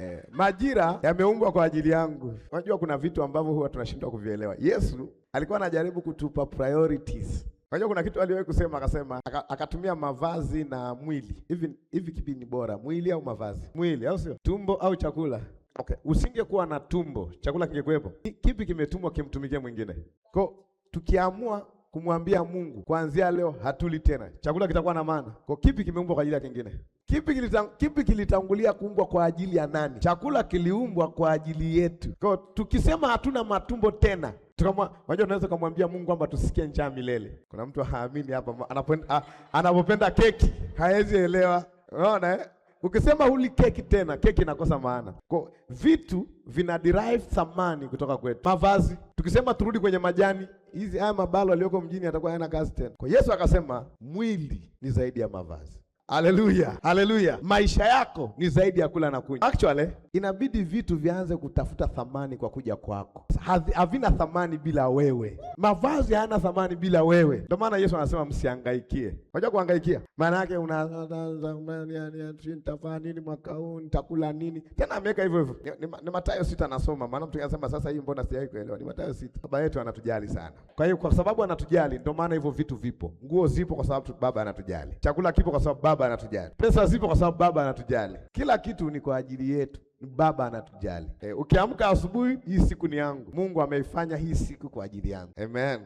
Eh, majira yameumbwa kwa ajili yangu. Unajua kuna vitu ambavyo huwa tunashindwa kuvielewa. Yesu alikuwa anajaribu kutupa priorities. Unajua kuna kitu aliwahi kusema akasema akatumia mavazi na mwili. Hivi hivi kipi ni bora? Mwili au mavazi? Mwili au sio? Tumbo au chakula? Okay, usingekuwa na tumbo, chakula kingekuwepo. Kipi kimetumwa kimtumikie mwingine? Kwa tukiamua kumwambia Mungu, kuanzia leo hatuli tena, chakula kitakuwa na maana. Kwa kipi kimeumbwa kwa ajili ya kingine? Kipi kilitang, kipi kilitangulia kuumbwa kwa ajili ya nani? Chakula kiliumbwa kwa ajili yetu. Kwa tukisema hatuna matumbo tena tukamwa, unajua unaweza kumwambia Mungu kwamba tusikie njaa milele. Kuna mtu haamini hapa, anapenda anapopenda keki hawezi elewa, unaona eh? Ukisema huli keki tena, keki inakosa maana. Kwa vitu vina derive thamani kutoka kwetu. Mavazi, tukisema turudi kwenye majani hizi haya mabalo aliyoko mjini atakuwa hayana kazi tena. Kwa Yesu akasema mwili ni zaidi ya mavazi. Haleluya, haleluya! Maisha yako ni zaidi ya kula na kunywa. Actually, inabidi vitu vianze kutafuta thamani kwa kuja kwako. Havina thamani bila wewe. Mavazi hayana thamani bila wewe. Ndio maana Yesu anasema msihangaikie. Unajua kuhangaikia maana yake nitafanya nini mwaka huu, nitakula nini? Tena ameweka hivyo hivyo, ni ni, ni Mathayo sita anasoma. maana mtu anasema sasa hii mbona sijai kuelewa. Ni Mathayo sita. Baba yetu anatujali sana, kwa hiyo kwa sababu anatujali ndio maana hivyo vitu vipo. Nguo zipo kwa sababu baba anatujali. Chakula kipo kwa sababu baba baba anatujali. Pesa zipo kwa sababu baba anatujali. Kila kitu ni kwa ajili yetu, ni baba anatujali. E, ukiamka asubuhi, hii siku ni yangu, Mungu ameifanya hii siku kwa ajili yangu. Amen.